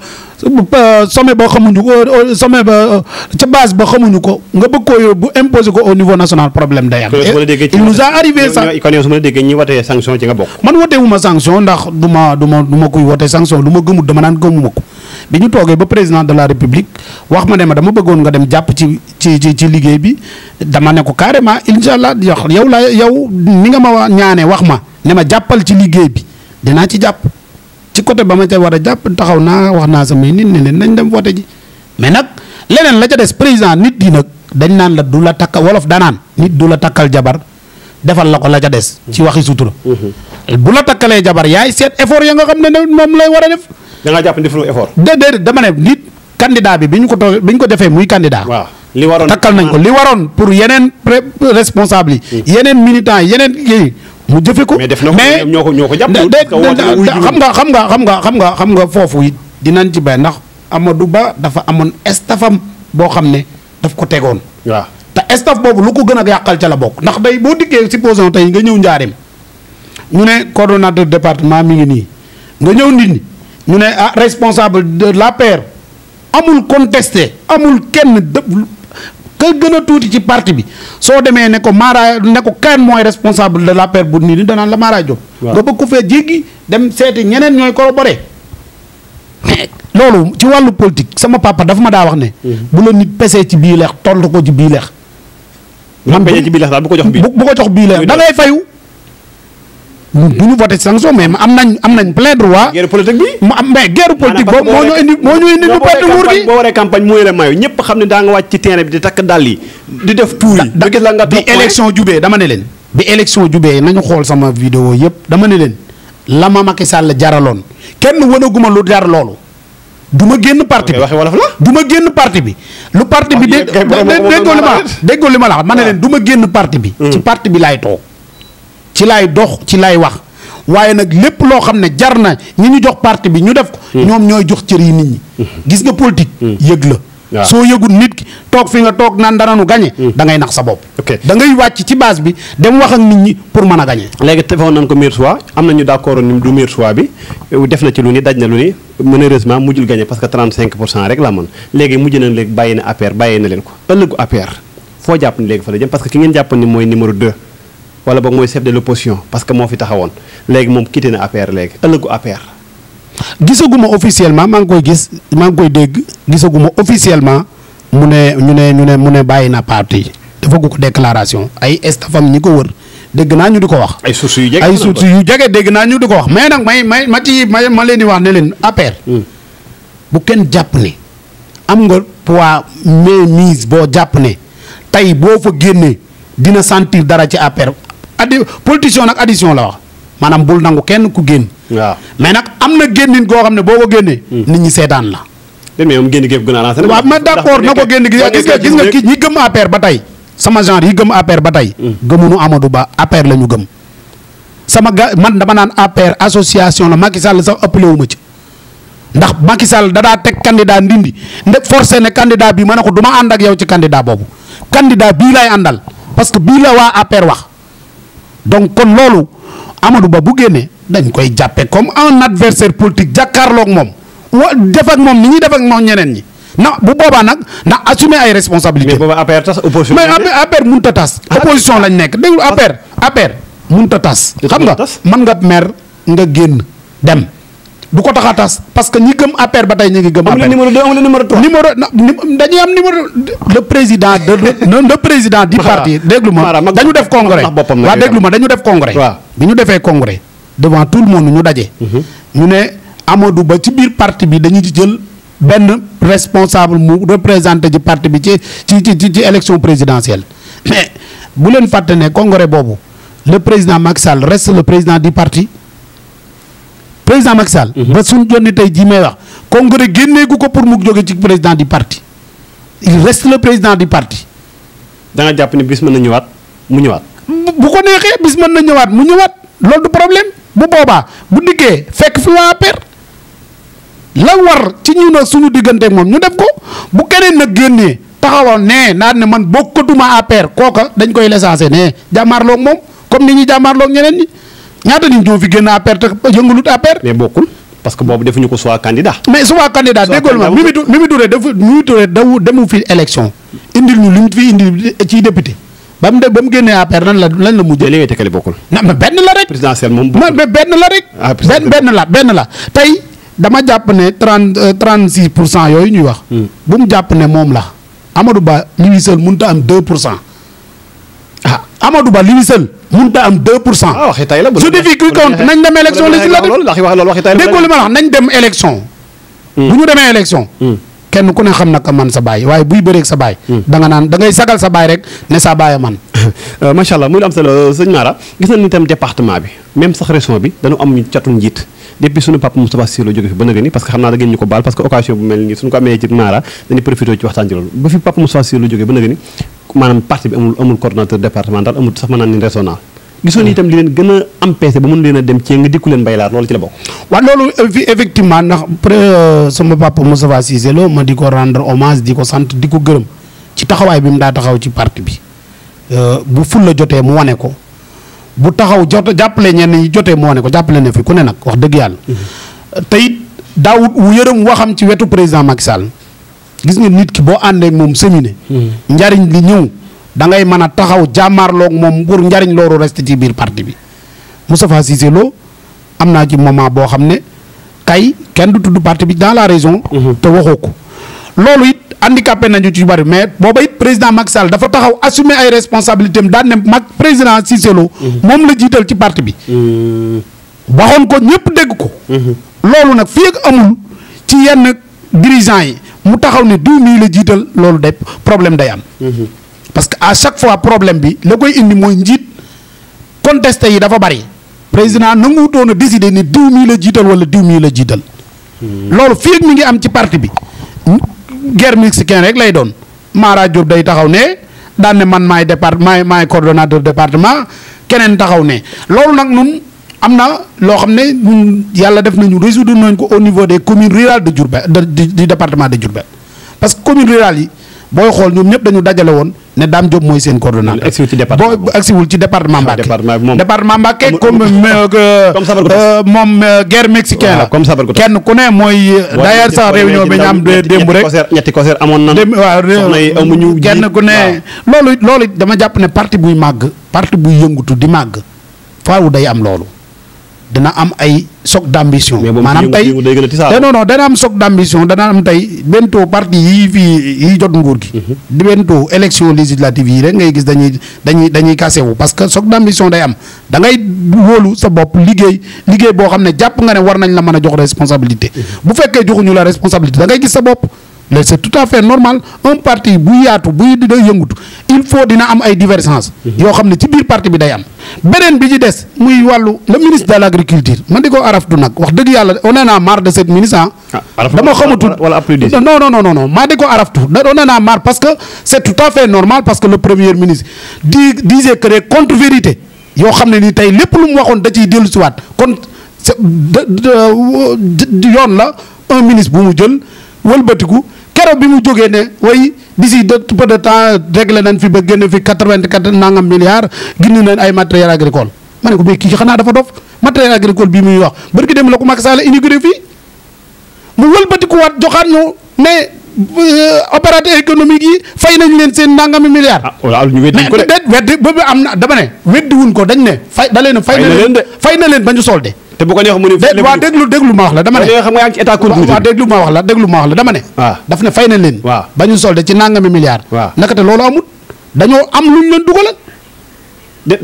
euh, sommet bo xamuñu ko euh, euh, sommet ba ci base ba xamuñu ko nga bëgg koo yóbbu imposer ko au niveau national problème day am. il nous a arrivé ça kon yow su ma la ñi waté sanction ci nga bok man waté wu ma sanction ndax duma duma duma kuy waté sanction lu gëmu dama nan gëmu mako biñu togué ba président de la république wax ma né ma dama bëggoon nga dem japp ci ci ci ci liggéey bi dama né ko carrément inshallah yow la yow ni nga ma ñaané wax ma ne ma jàppal ci liggéey bi dina ci japp ci côté bama ma wara japp taxaw na wax naa samay nit ne len dem vote ji mais nak lenen la ca des président nit di nak dañ nan la dula takal wolof danan nit dula takal jabar defal lako la ca des ci waxi sutura mhm. bu la jabar yaay set effort ya nga efor mom lay wara def da nga japp defu effort de dama ne nit candidat bi biñ ko bi ko defé muy candidat li waron takal nañ ko li waron pour yenen responsable mhm. yenen militant yenen mu jëfe ko mais def na ko ñoo ko ñoo ko jàpp xam nga xam nga xam nga xam nga xam nga foofu it dinañ ci bay ndax du Ba dafa amoon estafam boo xam ne daf ko tegoon. waaw te estaf boobu lu ko gën a yàqal ca la bokk ndax day boo dikkee supposons tey nga ñëw njaareem ñu ne coordonnateur département mu ngi nii nga ñëw nit ñi ñu ne ah responsable de l'APR amul contesté amul kenn dë. ka gën a tuuti ci parti bi soo demee ne ko Mara ne ko kan mooy responsable de l'APR bu nii ni danaan la Mara Diop nga bëgg ko fee jéggi dem seeti ñeneen ñooy corroboré loolu ci wàllu politique sama papa dafa ma daa wax ne mhm. bu la nit pesee ci bii leex tontu ko ci bii leex bu ko jox bii leex da ngay fayu mu du ñu voté sanction mais am nañ am nañ plein droit. guerre politique bi mu am mais guerre politique boobu moo ñu indi moo ñu indi ñu perte nguur campagne ñëpp xam ne daa nga ci terrain bi di takk yi. di def tuur yi da gis nga bi élection jubee dama ne leen. bi élection jubee nañu xool sama vidéo yëpp dama ne leen la ma Macky Sall jaraloon kenn wanaguma lu jar loolu. du ma génn parti bi waxee wolof la ma génn parti bi. lu parti bi de déggoo li ma la déggoo li ma la ma ne leen du ma génn parti bi. Hmm. ci parti bi laay toog ci lay dox ci lay wax waye nak lepp lo xamne jarna ñi ñu jox parti bi ñu def ko hmm. ñom ñoy jox ci ri nit ñi hmm. gis nga politique hmm. yëg la Yeah. soo nit ki tok fi nga tok nan dara nu gagné. da ngay nax sa bop da ngay wacc ci base bi dem wax ak nit ñi pour mëna a légui léegi tefoon nañ ko mir choix amna ñu d'accord accord ni du mir choix bi def na ci lu ni daj na lu ni malheureusement mu jul gagné parce que 35 rek la mën légui mu na léegi bayina affaire bayina len ko ëllëgu affaire fo japp ni légui fa la jëm parce que ki ngeen japp ni moy numéro 2. wala boog mooy chef de l'opposition parce que moo fi taxawoon léegi moom quitté na APR léegi ëllëgu APR. gisaguma officiellement maa ngi koy gis maa ngi koy dégg gisaguma officiellement mu ne ñu ne ñu ne mu ne bàyyi na parti dafa gu ko déclaration ay estafam ñi ko wër dégg naa ñu di ko wax. ay sources yu jege ay sources yu jege dégg naa ñu di ko wax mais nag may may ma ci ma leen di wax ne leen APR. Hmm. bu kenn jàpp ne am nga poids mise boo jàpp ne tey boo fa génnee dina sentir dara ci APR addi politiciens nak addition la wax maanaam bul nangou kenn ku guen waaw mais nak amna na génnin goo xam ne boo hmm. nit ñi sétane la. mais moom guen géef guna la lancé. wa ma d'accord nako guen gi gis nga gis nga ki ñi gëm APR ba tay sama genre yi gëm APR ba tay hmm. gëmunu Amadou Ba APR la ñu gëm. sama man dama naan APR association la Macky Sall sax ëppale wu ma ci. ndax Macky Sall da da tek candidat ndindi nde forcé ne candidat bi manako duma and ak yow ci candidat bobu candidat bi lay andal, parce que bi la waa APR wax. donc kon loolu Amadou Ba bu génnee dañ koy jàppe comme un adversaire politique jàkkaarloog moom wa def moom ni ñuy def ak moom ñeneen ñi na bu boobaa nag na assumer ay responsabilités. mais boobaa APR tas opposition. mais APR mënut a tas. Ah, opposition lañ nekk déglu APR. Ah. APR mënut a tas. xam nga mën nga mer nga génn dem. parce que nous gëm le président président du parti. nous dañu def congrès. wa dégluma dañu def congrès. congrès devant tout le monde ñu dajé mhm. ñu né Amadou Ba ci parti bi dañuy jël responsable mu du parti élection mais congrès le président Maxal reste le président du parti. président Macky Sall mhm. ba sun jonne tay ji may wax congrès génné guko pour mu joggé ci président du parti il reste le président du parti da nga japp ni bis mëna wat mu ñëwaat bu ko nexé bis mëna wat mu ñëwaat lool du problème bu boba bu diggé fekk fi wa per la war ci ñu na suñu digënté mom ñu def ko bu keneen nak génné taxawal né na ne man bokkatuma APR koka dañ koy l'essentiel né jamarlo mom comme ni ñi jamarlo ñeneen ni ñaata nit ñoo fi génn APR te yëngalut APR. mais bokkul parce que boobu defuñu ko soit candidat. mais soit candidat déggool ma Mimi Mimi Touré dafa Mimi demu fi élection indil ñu li mu fi indi ci député. ba mu de ba génnee APR lan la lan benn la rek. Ah, benn la benn la benn tey dama jàpp ne trente euh, trente six pour cent yooyu ñuy wax. Hmm. bu mu jàpp ne moom la. Amadou Ba li muy seul mënut am deux pour cent. Amadou Ba li mën 2 élection hmm. élection. Hmm. kenn ko ne xam nag man sa baay waaye buy bëreeg sa baay. Hmm. da naan da sagal sa baay rek ne sa baay a man. Euh, macha allah muy lu am solo euh, sëñ Mara gis nañu itam département bi même sax région bi dañu am catu njiit. depuis suñu papa Moustapha Cissé Lo jóge fi naa da ngeen ñu ko baal ba fi papa Moustapha Cissé Lo jóge ba nag ni maanaam parti bi amul amul coordonnateur amul sax mën naa ni régional gisoon hmm. itam li leen gën a empêché ba mën leen a dem ci nga dikku leen baylaar loolu ci la bokk. waaw loolu effectivement ndax après euh, sama papa Moustapha Cissé loo ma di ko rendre hommage di ko sant di ko gërëm ci taxawaay bi mu daa taxaw ci parti bi euh, bu ful la jotee mu wane ko bu taxaw jot jàppale ñenn ñi jotee mu wane ko jàppale ne fi ku ne nag wax dëgg yàlla. Hmm. tey it daawut wu yërëm waxam ci wetu président Macky Sall gis nga nit ki boo àndee moom séminé. Hmm. njariñ li da ngay mën a taxaw jàmmaarloog moom pour njariñ loolu reste ci biir parti bi mu Cissé Lo am naa ci moment boo xam ne kay kenn du tudd parti bi dans la région. Mhm. te waxoo ko loolu it handicapé nañu ci bari mais booba it président Macky Sall dafa taxaw assumer ay responsabilités am daan ne mag président Cissé Lo mhm. moom la jiital ci parti bi. Mhm. waxoon ko ñëpp dégg ko. loolu nag fi ak amul ci yenn dirigeants yi mu taxaw ne du mii la jiital loolu day problème day am. parce que à chaque fois problème bi la koy indi mooy njiit contesté yi dafa bari président nangu doon a décider ni diw mii la jiital wala diw mii la jiital. loolu fii mi ngi am ci parti bi. guerre mexicain rek lay doon Mara Diop day taxaw ne daan ne man maay départ maay maay coordonnateur département keneen taxaw ne loolu nag nun am na loo xam ne ñun yàlla def nañu résoudre nañ ko au niveau des communes rurales de Diourbel du département de Diourbel parce que communes rurales yi booy xool ñoom ñëpp dañu dajale woon. ne Dame Diop mooy seen coordonnateur. agsiwul ci département boo agsiwul ci département Mbacké. département Mbacké comme euh, euh, euh, moom ger mexicaine la. comme kenn ku ne mooy. d'ailleurs sax réunion bi ñu am démb rek. ñetti concert amoon na. démb waaw kenn ku ne. loolu loolu dama jàpp ne parti buy màgg. parti buy yëngutu di màgg. faaw day am loolu. dana am ay choc d' ambition. maanaam tey eh non non dana am choc d' ambition dana am tey bentoo parti yii fii yii jot ngor gi. Mhm. di bentoo élection législative yii rek ngay gis dañuy dañuy dañuy kase wu parce que choc d' ambition day am da ngay wóolu sa bopp liggéey liggéey boo xam ne jàpp nga ne war nañ la mën a jox responsabilité. Mhm. bu fekkee joxuñu la responsabilité da ngay gis sa bopp. mais c'est tout à fait normal un parti bu yaatu buy di il faut dina am ay divergence Yo xamné ci biir parti bi day am Benen bi ci dess muy wàllu le ministre de l'agriculture man diko araf araftu nak. wax deug Yalla, on en a marre de cette ministre hein. ah, dama xamatul non non non non ma diko araf tu. on en a marre parce que c'est tout à fait normal parce que le premier ministre di disait que des contre vérité Yo xamné ni tay lepp lu mu waxone da ciy ci wat. kon yone la un ministre bu mu jël wëlbatiku keroog bi mu jógee ne way d'ici de peu de temps réglé nañ fi ba génn fi quatre-vingt-quatre nangam milliards génn nañ ay matériel agricole ma ne ko mais kii xanaa dafa dof matériel agricole bii muy wax barki dem la ko Macky Sall inauguré fii mu wëlbatikuwaat joxaat ñu ne euh, opérateur économique yi fay nañ leen seen nangami milliards. ah wala ñu weddi ko de am na dama ne weddi wuñ ko dañ ne fay da leen fay na leen fay na leen ba ñu soldé te bu ne. fay waaw déglu déglu ma wax la dama ne. xam nga yaa ngi ci état continué waaw fay na leen. waaw ba ñu solde ci nangami milliards. waaw naka te loolu amut dañoo am lu ñu leen dugalal.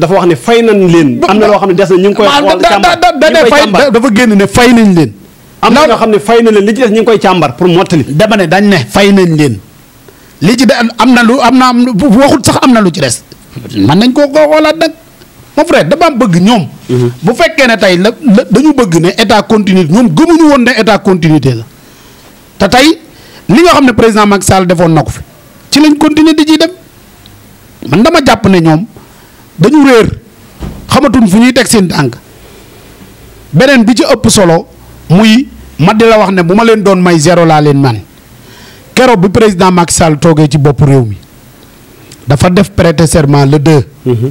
dafa wax ne fay nañ leen. am na loo xam ne des na ñu ngi koy. xool càmbar da dafa génn ne fay leen. am na loo xam ne fay nañ leen li ci des ñu ngi koy càmbar pour mottali. dama ne dañ ne fay nañ leen li ci de am na lu am na waxut sax am na lu ci des. man nañ koo koo xoolaat nag mon frère dama bëgg ñoom. Mhm. bu fekkee ne tey la dañu bëgg ne état continuité ñoom gëmuñu woon ne état continuité la te tey li nga xam ne président Macky Sall defoon na ko fi ci lañ continuer di ciy dem man dama jàpp ne ñoom dañu réer xamatuñ fu ñuy teg seen tànk beneen bi ci ëpp solo muy ma di la wax ne bu ma leen doon may zéro laa leen man keroog bi président Macky Sall toogee ci bopp réew mi dafa def prêter serment le deux. Mhm.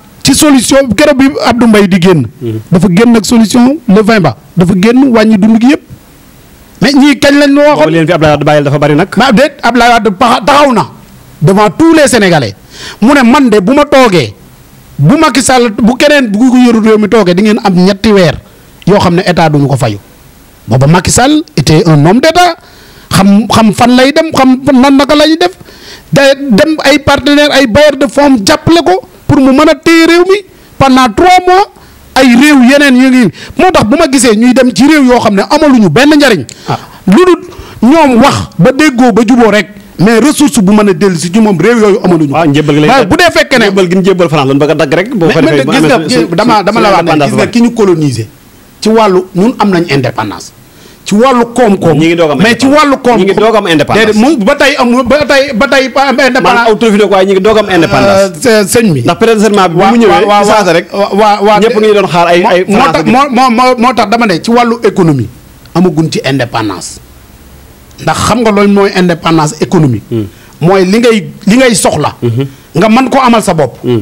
ci solution kéro bi Abdou mbay di génn. Mhm. dafa génn ak solution le 20 ba dafa génn wañi dund gi yépp mais ñi kañ lañ no waxoon leen fi Abdoulaye Wade bàyyil dafa bari nak ma dé Abdoulaye Wade taxaw na devant tous les sénégalais mune man dé buma togué toogee bu Macky Sall bu keneen bu ko yoru rew mi togué di ngeen am ñetti weer yo xamné état du ko fayu booba Macky Sall était un homme d'état xam xam fan lay dem xam nan naka lay def dem ay partenaire ay bailleur de fonds jappelé ko. pour mu mën a téye réew mi pendant trois mois ay réew yeneen yu ngi moo tax bu ma gisee ñuy dem ci réew yoo xam ne amaluñu benn njariñ ah. lu dul ñoom wax ba déggoo ba juboo rek mais ressource bu mën a dellu si ci moom réew yooyu amaluñu. waaw ah, njëbbal gi bu dee fekkee ne njëbbal gi ñu jébbal France lan bëgg a dagg rek. boo ko defee gis nga dama dama la wax ne gis ki ñu coloniser ci wàllu ñun am nañ indépendance ci wàllu koom-koom. ñi ngi doog am mais ci wàllu koom-koom ñi ngi doog am indépendance. déedéet moom ba tey amul ba tey ba tey ba am indépendance. maanaam aw tur fi nekk waaye ñi ngi doog am indépendance. Euh, sëñ bi ndax présentement bi mu ñëwee. waaw waaw rek waaw waaw ñëpp ngi doon xaar ay ay. moo tax moo moo moo tax dama ne ci wàllu économie. amagun ci indépendance ndax xam nga loolu mooy indépendance économie. Hmm. mooy li ngay li ngay soxla. Hmm. nga mën ko amal sa bopp. Hmm.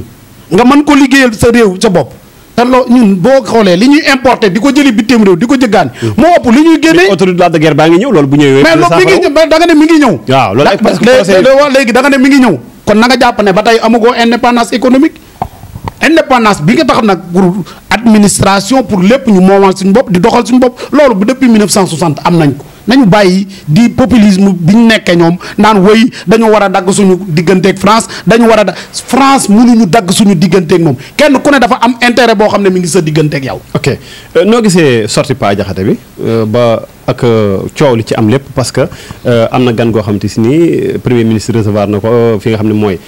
nga mën ko liggéeyal sa réew sa bopp. te loo ñun boo xoolee li ñuy importé di ko jëli bitim réew di ko jëggaan moo ëpp li ñuy génnee autoroute Lac ngi ñëw loolu bu ñëwee mais loolu mi ngi ñëw da ne mi ngi ñëw waaw loolu ay waaw léegi da ne mi ngi ñëw kon na nga jàpp ne ba tey amugoo indépendance économique indépendance bi nga tax nag pour administration pour lépp ñu moomal suñu bopp di doxal suñu mbopp loolu bu depuis 1960 am nañ ko nañu bàyyi di populisme bi ñu nekkee ñoom naan woy dañu war a dagg suñu digganteeg France dañu war a mu France mënuñu dagg suñu digganteeg moom kenn ku ne dafa am intérêt boo xam ne mi ngi sa digganteeg yow. ok euh, noo gisee sorti Pa Diakhaté bi euh, ba ak euh, coow li ci am lépp parce que am na gan goo xam te si nii premier ministre recevoir na ko fi nga xam ne mooy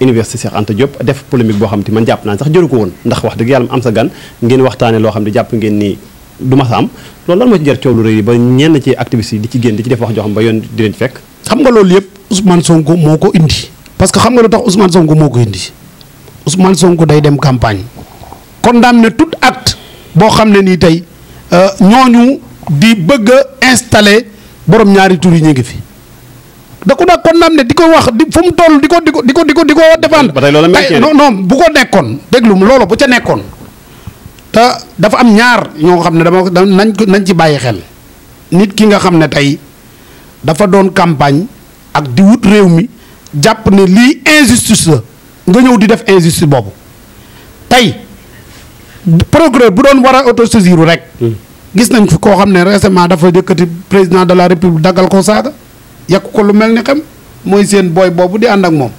université Cheikh Anta Diop def polémique boo xam te man jàpp naa sax jëru ko woon ndax wax dëgg yàlla am sa gan ngeen waxtaanee loo xam ne jàpp ngeen nii. du mas am loolu lan moo ci jar coow lu rëy ba ñenn ci activistes yi di ci génn di ci def wax jox xam ba yoon di leen fekk. xam nga loolu yëpp Ousmane Sonko moo ko indi. parce que xam nga lu tax Ousmane son moo ko indi Ousmane Sonko day dem campagne. condamné tout acte boo xam ne nii tey euh, ñooñu di bëgg a installé borom ñaari tur yi ñu ngi fi. da ko nag condamné di ko wax di fu mu toll di ko di ko di ko di ko di ko défendre. ba tey loolu non non bu ko nekkoon déglu loolu bu ca nekkoon. ta dafa am ñaar ñoo xamne dama nañ nañ ci bàyyi xel nit ki nga xamne tay dafa doon campagne ak di wut rew mi japp ne li injustice nga ñew di def injustice bobu tay progrès bu doon wara auto autosaisir rek hmm. gis nañ ko xamne récemment dafa yëkkati président de la république dagal ko saaga yak ko lu melni xam moy seen boy bobu di and ak mom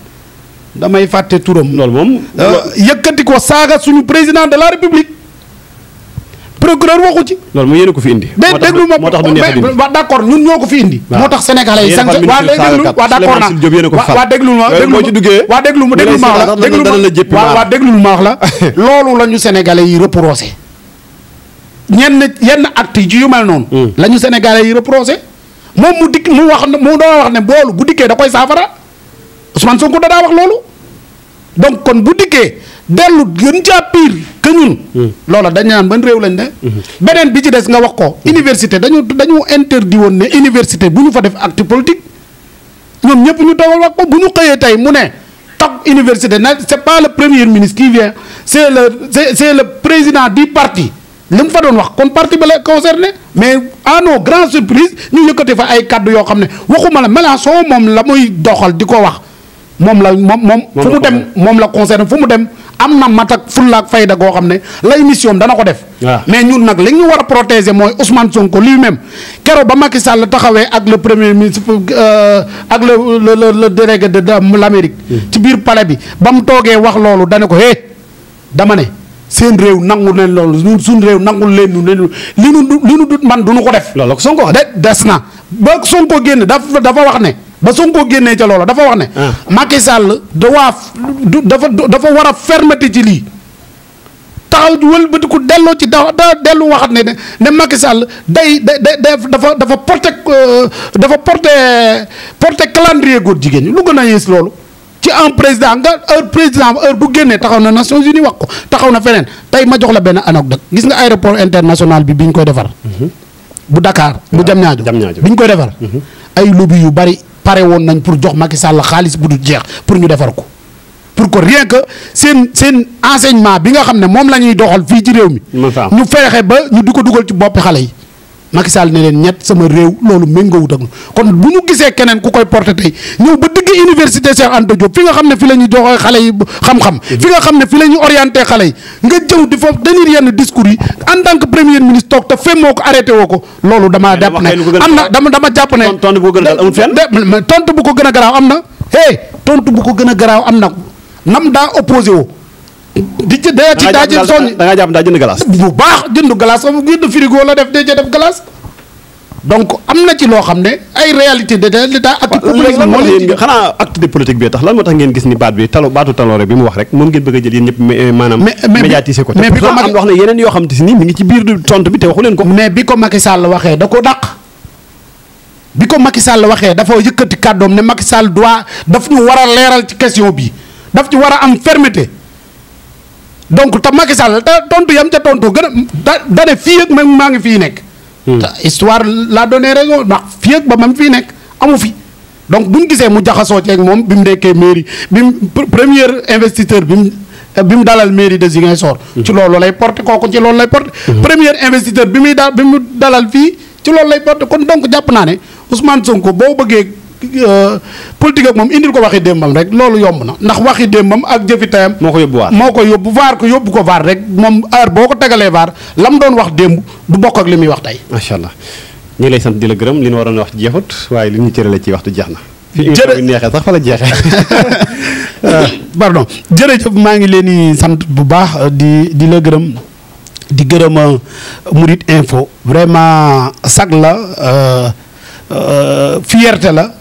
damay fàtte turum lol mom euh, yëkkati ko saaga suñu président de la république procureur waxu ci. loolu mooy yéen a ko fi indi. moo tax moo tax a dindi mais d' accord ñun ñoo ko fi indi. waaw moo tax sénégalais yi sànq. waa déglu waa d' ma déglu ma wax la loolu la ñu sénégalais yi reproché. ñenn yenn actes yi ci yu mel noonu. Hmm. la ñu sénégalais yi reproché. moom mu dikk mu wax mu doon wax ne boolu bu dikkee da koy saafara Ousmane Sonko da daa wax loolu. donc kon bu dikkee dellu gën caa pire que ñun. Hmm. loola dañ naan ban réew lañ de hmm. beneen bi ci des nga wax ko. Hmm. université dañu dañu interdit woon ne université bu ñu fa def acte politique ñoom ñëpp ñu toogal wax ko ñu xëyee tey mu ne toog université nag c'est pas le premier ministre qui vient c'est le le président du parti. li fa doon wax kon parti ba la concerné mais à nos grandes surprises ñu yëkkati fa ay kàddu yoo xam ne waxuma la Mélenchon moom la muy doxal di ko wax moom la moom moom fu mu dem moom la concerne fu mu dem am na mat ak fulla fayda goo xam ne lay mission dana ko def mais ñun nag li ñu war a mooy Ousmane Sonko lui-même kero ba Macky Sall taxawee ak le premier ministre euh, ak le le le délégué de l'Amérique hmm. ci biir palais bi ba mu toogee wax loolu dane ko hé dama ne seen réew nangu leen loolu ñun suñ leen ñu leen li nu li nu dut man du ñu ko def loolu ko Sonko de des na ba Sonko génn dafa dafa wax ne ba sonko génnee ci lolo dafa wax né ah. Macky Sall dawaa dafa dafa wara fermeté ci lii taxaw wëlbati ku delloo ci da dellu waxat né né Macky Sall day dafa dafa porter euh, dafa porter porter calendrier goor jigen lu gëna a lolo ci un président nga un président heure bu génnee taxaw na Nations Unies wax ko taxaw na fenen tay ma jox la ben anok anecdote gis nga aéroport international bi biñ koy défar mhm. bu Dakar bu ah, Diamniadio bi ñu koy défar mhm. ay lobby yu bari pare woon nañ pour jox Macky sàll xaalis bu du jeex pour ñu defar ko pour que rien que seen seen enseignement bi nga xam ne moom la ñuy doxal fii ci réew mi. ñu fexe ba ñu di ko dugal ci boppi xale yi. Macky Sall ne leen ñett sama réew loolu méngoowut ak kon bu ñu gisee keneen ku koy porté tey ñëw ba digg université Cheikh Anta Diop fi nga xam ne fi la ñu joxe xale yi xam-xam mhm. nga xam ne fi la ñu orienté xale yi nga jëw di foofu tenir yenn discours yi en tant que premier ministre toog te fem moo ko arrêté woo ko loolu damaa jàpp ne am na dama dama jàpp ne tontu bu ko gën a garaaw am na hey tontu bu ko gën a garaaw am na nam daa opposé woo di ci dee ci daa son da nga jam daa jënd glace bu baax jënd glace xam génn frigo la def dee ca def glass donc amna ci lo xamne ay realité de l'état ak politique mo leen xana acte de politique bi tax lan motax ngeen gis ni baat bi talo baatu talo taloore bi mu wax rek moom ngeen beug a jël yéen ñëpp euh, maanaam médiatiser ko mais biko am wax ne yeneen yo xamne ni mi ngi ci biir du tontu bi te waxu leen ko mais biko Macky Sall waxe da ko dak biko Macky Sall waxee dafa yëkëti kàddoom ne Macky Sall doit daf ñu wara leral ci question bi daf ci wara am fermeté donc te Macky Sall te tontu yam ca tontu gën a da fii ak même maa ngi fii nekk. Hmm. histoire la donnée rek ndax fii ak ba même fii nekk amu fi. donc bu ñu gisee mu jaxasoo ceeg moom bi mu nekkee mairie bi mu premier investisseur bi mu eh, bi mu dalal mairie de Ziguinchor. Hmm. ci loolu lay porté kooku ci loolu lay porté. Hmm. premier investisseur bi muy daal bi mu dalal fii ci loolu lay porté kon donc jàpp naa ne Ousmane Sonko boo bëggee. Euh, politique ak moom indil ko waxi démbam rek loolu yomb na ndax waxi démbam ak jëfi tayam moo ko yóbbu waar moo ko yóbbu vaar ko yóbbu ko vaar rek moom heure boo ko tegalee vaar lam doon wax démb du bokk ak li muy wax tey macha allah ñu ngi lay sant di la gërëm li nu waroon wax jeexut waaye li ñu la ci waxtu jeex na jërë neexee sax fa la jeexee euh, pardon jërëjëf maa ngi leen di sant bu baax di di gërëm di gërëm euh, Mouride Info vraiment sag la fierté la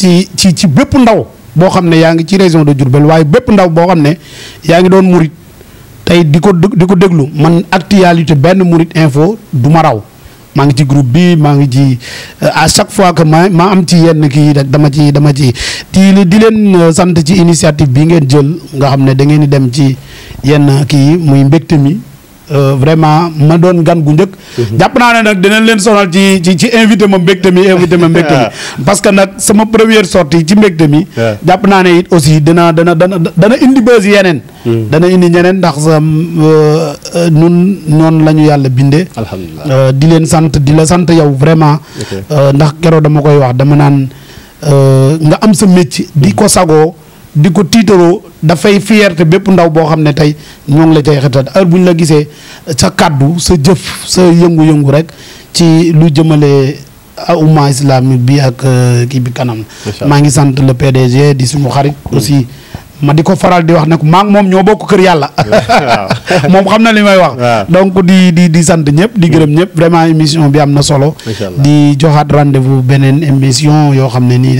ci ci ci bépp ndaw boo xam ne yaa ngi ci région de Diourbel waaye bépp ndaw boo xam ne yaa ngi doon murit tey di ko di ko déglu man actualité benn murit info du ma raw maa ngi ci groupe bi maa ngi ci euh, à chaque fois que ma maa am ci yenn kii rek dama ci dama ci di di leen euh, sant ci initiative bi ngeen jël nga xam ne da ngeen di dem ci yenn kii muy mbégte mi Euh, vraiment ma doon gan gu njëkk. Mhm. jàpp naa ne nag dinañ leen sonal ci ci ci invité ma mbégte mi invité ma mbégte mi. parce que nag sama première sortie ci mbégte mi. jàpp naa ne it aussi dina dana dana dana indi bës yeneen. Mm. dana indi ñeneen ndax sa euh, euh, nun noonu la ñu yàlla bindee. alhamdulilah di leen sant di la sant yow vraiment. ndax keroog dama koy wax dama naan nga am sa métier. di ko sagoo. di ko tiitaroo dafay fierté bépp ndaw boo xam ne tey ñoo la cay xetal heure bu ñu la gisee sa kàddu sa jëf sa yëngu-yëngu rek ci lu jëmale umma islamique bi ak euh, kii bi kanam maa ngi sant le PDG di suñu xarit mm. aussi ma diko faral di wax nak maak mom ño bokku keur yalla mom xamna limay wax donc di di di sante ñep di gërem ñep vraiment émission bi amna solo di joxat rendez-vous benen émission yo xamne ni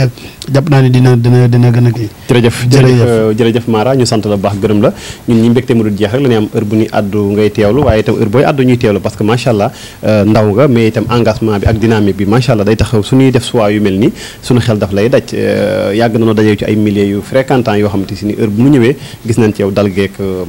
japp na ni dina dina dina gëna ki jërëjëf euh, jërëjëf mara ñu sante la bax gërem la ñun ñi mbekté mu du jeex rek ñi am heure bu ni addu ngay tewlu waye tam heure boy addu ñuy tewlu parce que ma sha Allah euh, ndaw nga mais tam engagement bi ak dynamique bi ma sha Allah day taxaw suñu def soir yu melni suñu xel daf lay dacc euh, yag na no dajé ci ay milliers yu fréquentant yo xamanteni ni heure bu mu ñëwee gis nañ ci yow dal geek euh,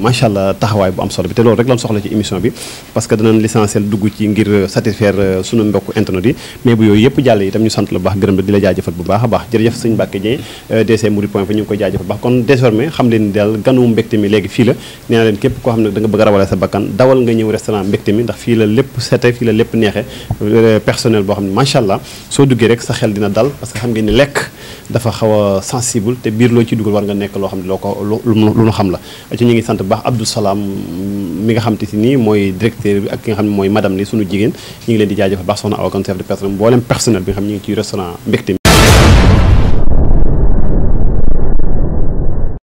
taxawaay bu am solo bi te loolu rek lañ soxla ci émission bi parce que danañ l'essentiel dugg ci ngir euh, satisfaire euh, sunu mbokk internet yi mais bu yooyu yëpp jàll itam ñu sant la bu baax gërëm la di la jaajëfal bu baax a baax jërëjëf sëñ Mbacke Dieng DC Mouride point fa ñu ngi koy jaajëfal bu baax kon désormais xam leen ni daal ganu mbégte mi léegi fii la nee leen képp koo xam ne da nga loo ko lu nu xam la ci ñu ngi sant baax Abdou Salam mi nga xam te si nii mooy directeur bi ak ki nga xam ne mooy madame li suñu jigéen ñu ngi leen di jaajëfal baax soxna Awa Kane de personnel mboolem personnel bi nga xam ñu ngi ci restaurant Mbecté